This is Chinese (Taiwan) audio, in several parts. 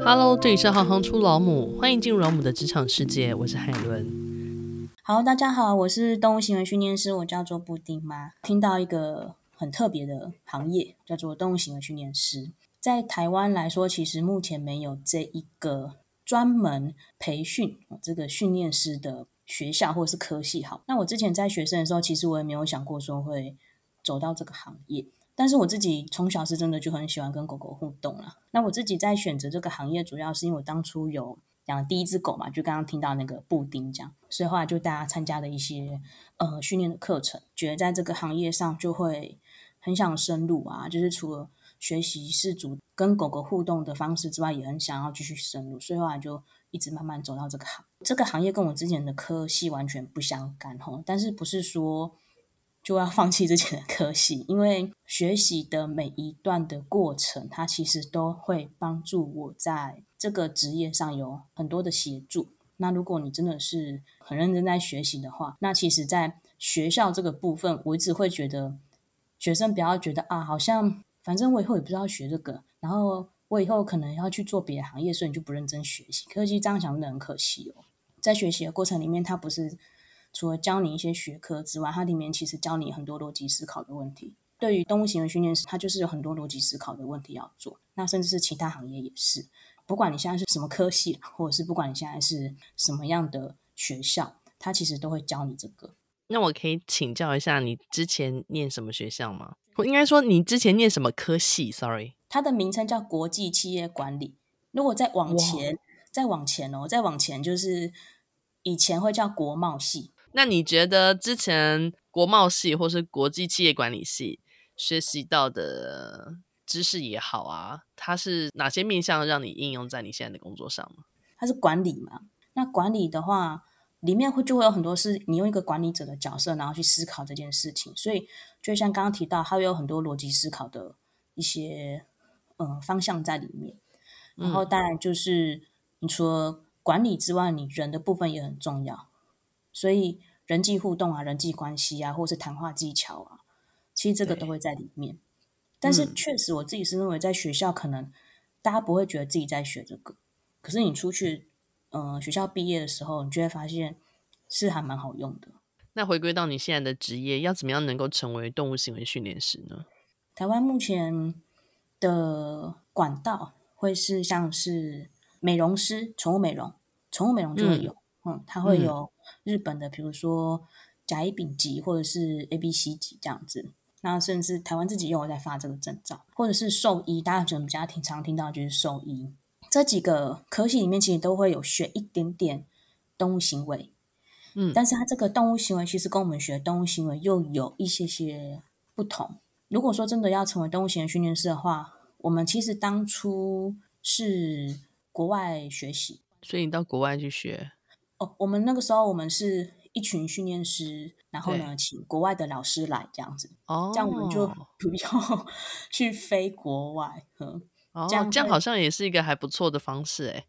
Hello，這裡是行行出老母，歡迎進入老母的職場世界。我是海倫。Hello，大家好，我是動物行為訓練師，我叫做布丁媽。聽到一個很特別的行業，叫做動物行為訓練師，在台灣來說，其實目前沒有這一個專門培訓這個訓練師的學校或者是科系。好，那我之前在學生的時候，其實我也沒有想過說會走到這個行業。但是我自己從小是真的就很喜歡跟狗狗互動了。那我自己在選擇這個行業，主要是因為我當初有養了第一隻狗嘛，就剛剛聽到那個布丁這樣。所以後來就帶牠參加了一些呃訓練的課程，覺得在這個行業上就會很想深入啊。就是除了學習飼主跟狗狗互動的方式之外，也很想要繼續深入，所以後來就一直慢慢走到這個行。這個行業跟我之前的科系完全不相干吼，但是不是說。就要放棄之前的科系，因為學習的每一段的過程，它其實都會幫助我在這個職業上有很多的協助。那如果你真的是很認真在學習的話，那其實，在學校這個部分，我一直會覺得學生不要覺得啊，好像反正我以後也不知道學這個，然後我以後可能要去做別的行業，所以你就不認真學習科系。這樣想的很可惜哦，在學習的過程裡面，它不是。除了教你一些學科之外，它裡面其實教你很多邏輯思考的問題。對於動物行為訓練師，他就是有很多邏輯思考的問題要做。那甚至是其他行業也是，不管你現在是什麼科系，或者是不管你現在是什麼樣的學校，他其實都會教你這個。那我可以請教一下你之前念什麼學校嗎？我應該說你之前念什麼科系？Sorry，它的名稱叫國際企業管理。如果再往前，哇再往前哦，再往前就是以前會叫國貿系。那你覺得之前國貿系或是國際企業管理系，學習到的知識也好啊，它是哪些面向讓你應用在你現在的工作上嗎？它是管理嘛，那管理的話，裡面會就會有很多是你用一個管理者的角色，然後去思考這件事情。所以就像剛剛提到，它會有很多邏輯思考的一些嗯、呃、方向在裡面。然後當然就是，嗯、你除了管理之外，你人的部分也很重要。所以人際互動啊、人際關係啊，或是談話技巧啊，其實這個都會在裡面。對但是確實，我自己是認為，在學校可能大家不會覺得自己在學這個，嗯、可是你出去，嗯、呃，學校畢業的時候，你就會發現是還蠻好用的。那回歸到你現在的職業，要怎麼樣能夠成為動物行為訓練師呢？台灣目前的管道，會是像是美容師、寵物美容、寵物美容就會有，嗯，嗯，它會有、嗯。日本的，比如說甲乙丙級或者是 A B C 級這樣子，那甚至台灣自己又有在發這個證照，或者是獸醫，大家覺得我們家庭常聽到的就是獸醫這幾個科系裡面，其實都會有學一點點動物行為，嗯，但是它這個動物行為其實跟我們學動物行為又有一些些不同。如果說真的要成為動物行為訓練師的話，我們其實當初是國外學習，所以你到國外去學。哦，oh, 我們那個時候我們是一群訓練師，對然後呢請國外的老師來這樣子，oh. 這樣我們就不要去飛國外，嗯，oh, 這樣,這樣好像也是一個還不錯的方式哎。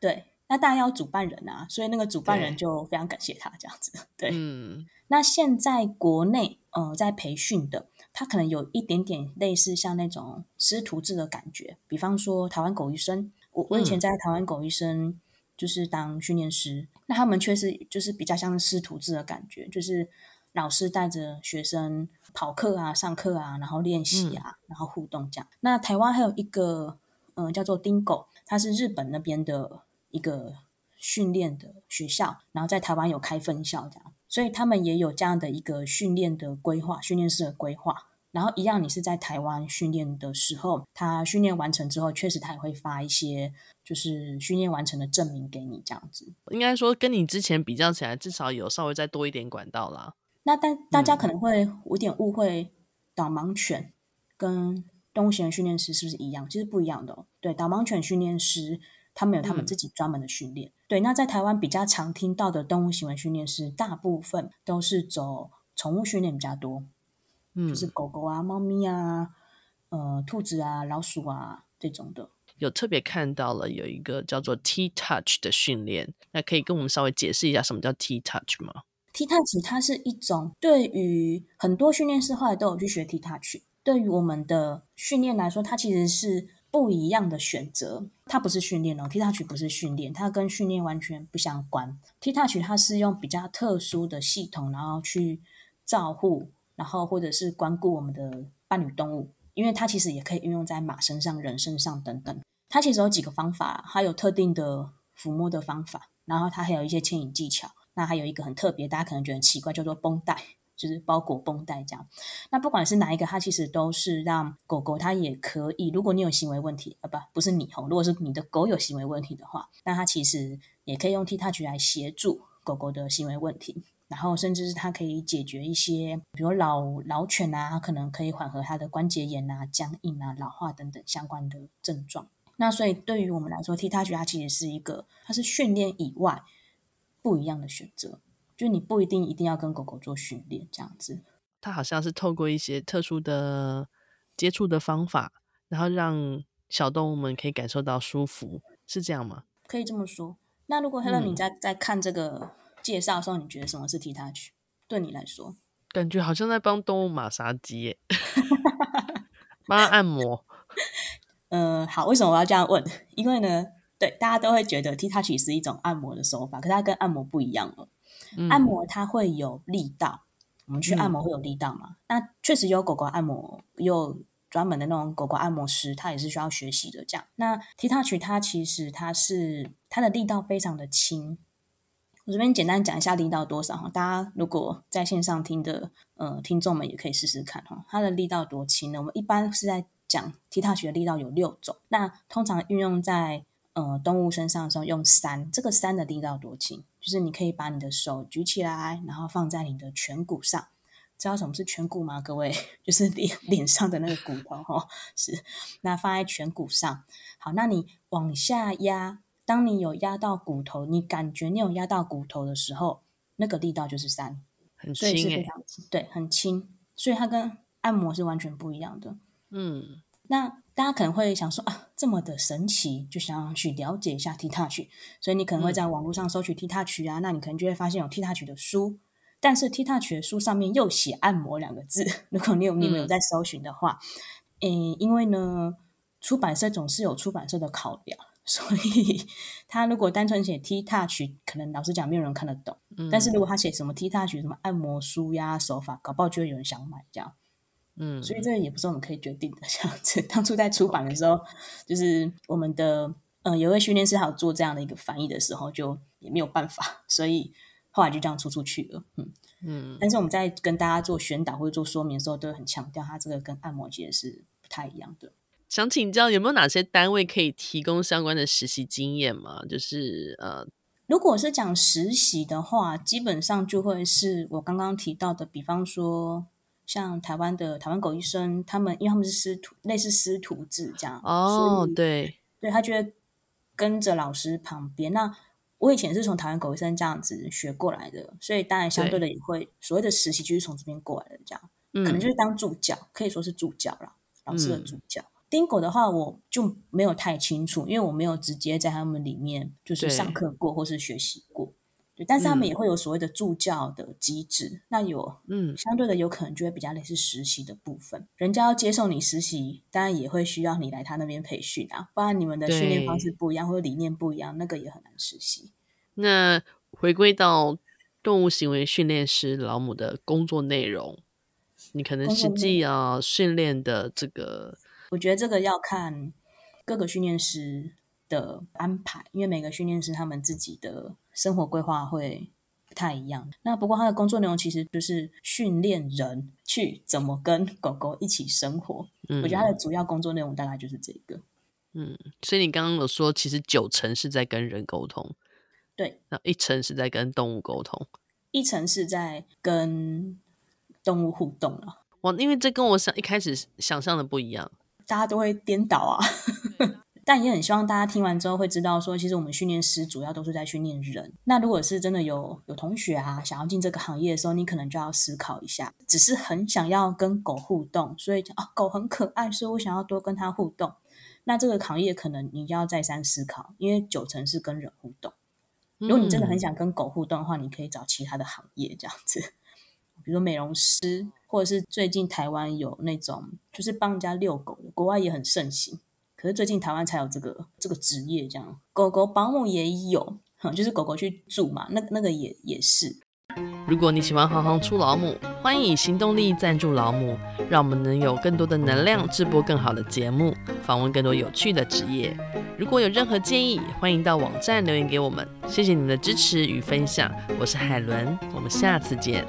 對，那當然要主辦人啊，所以那個主辦人、啊、對就非常感謝他這樣子。對，嗯、那現在國內呃在培訓的，他可能有一點點類似像那種師徒制的感覺，比方說台灣狗醫生，我我以前在台灣狗醫生。嗯就是當訓練師，那他們確實就是比較像師徒制的感覺，就是老師帶着學生跑課啊、上課啊，然後練習啊，然後互動這樣。嗯、那台灣還有一個嗯、呃、叫做 Dingo，它是日本那邊的一個訓練的學校，然後在台灣有開分校這樣，所以他們也有這樣的一個訓練的規劃、訓練師的規劃。然後一樣，你是在台灣訓練的時候，他訓練完成之後，確實他也會發一些就是訓練完成的證明給你，這樣子應該說跟你之前比較起來，至少有稍微再多一點管道啦。那大大家可能會有點誤會，導盲犬跟動物行為訓練師是不是一樣？其實不一樣的哦。對，導盲犬訓練師他們有他們自己專門的訓練。嗯。對，那在台灣比較常聽到的動物行為訓練師，大部分都是走寵物訓練比較多。就是狗狗啊、貓咪啊、呃、兔子啊、老鼠啊這種的。有特別看到了有一個叫做 T Touch 的訓練，那可以跟我們稍微解釋一下什麼叫 T Touch 嗎？T Touch 它是一種對於很多訓練師後來都有去學 T Touch，對於我們的訓練來說，它其實是不一樣的選擇。它不是訓練哦，T Touch 不是訓練，它跟訓練完全不相關。T Touch 它是用比較特殊的系統，然後去照護。然後，或者是關顧我們的伴侶動物，因為它其實也可以運用在馬身上、人身上等等。它其實有幾個方法，它有特定的撫摸的方法，然後它還有一些牽引技巧。那還有一個很特別，大家可能覺得很奇怪，叫做繃帶，就是包裹繃帶這樣。那不管是哪一個，它其實都是讓狗狗它也可以。如果你有行為問題啊，不，不是你吼、哦，如果是你的狗有行為問題的話，那它其實也可以用 TTouch 來協助狗狗的行為問題。然後，甚至是它可以解決一些，比如老老犬啊，可能可以緩和它的關節炎啊、僵硬啊、老化等等相關的症狀。那所以，對於我們來說，TTouch 它其實是一個，它是訓練以外不一樣的選擇，就你不一定一定要跟狗狗做訓練這樣子。它好像是透過一些特殊的接觸的方法，然後讓小動物們可以感受到舒服，是這樣嗎？可以這麼說。那如果 Hello，你在、嗯、在看這個。介紹的時候，你覺得什麼是 TTouch？對你來說，感覺好像在幫動物馬殺雞耶，幫 他按摩。嗯、 呃，好，為什麼我要這樣問？因為呢，對大家都會覺得 TTouch 是一種按摩的手法，可是它跟按摩不一樣了。按摩它會有力道，嗯、我們去按摩會有力道嘛？嗯、那確實有狗狗按摩，有專門的那種狗狗按摩師，他也是需要學習的。這樣，那 TTouch 它其實它是它的力道非常的輕。我這邊簡單講一下力道多少哈，大家如果在線上聽的，呃，聽眾們也可以試試看哈，它的力道多輕呢？我們一般是在講 TTouch 力道有六種，那通常運用在呃動物身上的時候用三，這個三的力道多輕，就是你可以把你的手舉起來，然後放在你的顴骨上，知道什麼是顴骨嗎？各位，就是臉臉上的那個骨頭哈、 哦，是，那放在顴骨上，好，那你往下壓。當你有壓到骨頭，你感覺你有壓到骨頭的時候，那個力道就是三，很輕耶，對，是非常，對，很輕，所以它跟按摩是完全不一樣的。嗯，那大家可能會想說啊，這麼的神奇，就想去了解一下 TTouch，所以你可能會在網絡上搜取 TTouch 啊，嗯、那你可能就會發現有 TTouch 的書，但是 TTouch 的書上面又寫按摩兩個字。如果你有你有在搜尋的話、嗯，因為呢，出版社總是有出版社的考量。所以，他如果單純寫 TTouch，可能老實講沒有人看得懂。嗯、但是如果他寫什麼 TTouch 什麼按摩書呀、手法，搞不好就會有人想買這樣。嗯，所以這個也不是我們可以決定的這樣子。當初在出版的時候，Okay. 就是我們的嗯、呃、有位訓練師還有做這樣的一個翻譯的時候，就也沒有辦法，所以後來就這樣出出去了。嗯嗯。但是我們在跟大家做宣導或者做說明的時候，都會很強調他這個跟按摩其實是不太一樣的。想請教有沒有哪些單位可以提供相關的實習經驗嘛？就是呃，如果是講實習的話，基本上就會是我剛剛提到的，比方說像台灣的台灣狗醫生，他們因為他們是師徒，類似師徒制這樣哦。以對，對他就會跟着老師旁邊。那我以前是從台灣狗醫生這樣子學過來的，所以當然相對的也會對所謂的實習就是從這邊過來的，這樣、嗯、可能就是當助教，可以說是助教了，老師的助教。嗯丁狗的話，我就沒有太清楚，因為我沒有直接在他們裡面就是上課過或是學習過，對，但是他們也會有所謂的助教的機制，嗯、那有嗯相對的有可能就會比較類似實習的部分，人家要接受你實習，當然也會需要你來他那邊培訓啊，不然你們的訓練方式不一樣對或者理念不一樣，那個也很難實習。那回歸到動物行為訓練師老母的工作內容，你可能實際啊訓練的這個。我覺得這個要看各個訓練師的安排，因為每個訓練師他們自己的生活規劃會不太一樣。那不過他的工作內容其實就是訓練人去怎麼跟狗狗一起生活。嗯，我覺得他的主要工作內容大概就是這個。嗯，所以你剛剛有說，其實九成是在跟人溝通，對，那一成是在跟動物溝通，一成是在跟動物互動了，啊。哇，因為這跟我想一開始想象的不一樣。大家都會顛倒啊的， 但也很希望大家聽完之後會知道說，其實我們訓練師主要都是在訓練人。那如果是真的有有同學啊想要進這個行業的時候，你可能就要思考一下，只是很想要跟狗互動，所以講啊、哦、狗很可愛，所以我想要多跟他互動。那這個行業可能你要再三思考，因為九成是跟人互動。嗯、如果你真的很想跟狗互動的話，你可以找其他的行業，這樣子。比如美容師，或者是最近台灣有那種就是幫人家遛狗的，國外也很盛行。可是最近台灣才有這個這個職業這樣，狗狗保姆也有，就是狗狗去住嘛，那那個也也是。如果你喜歡行行出老母，歡迎以行動力贊助老母，讓我們能有更多的能量，製播更好的節目，訪問更多有趣的職業。如果有任何建議，歡迎到網站留言給我們。謝謝你的支持與分享，我是海倫，我們下次見。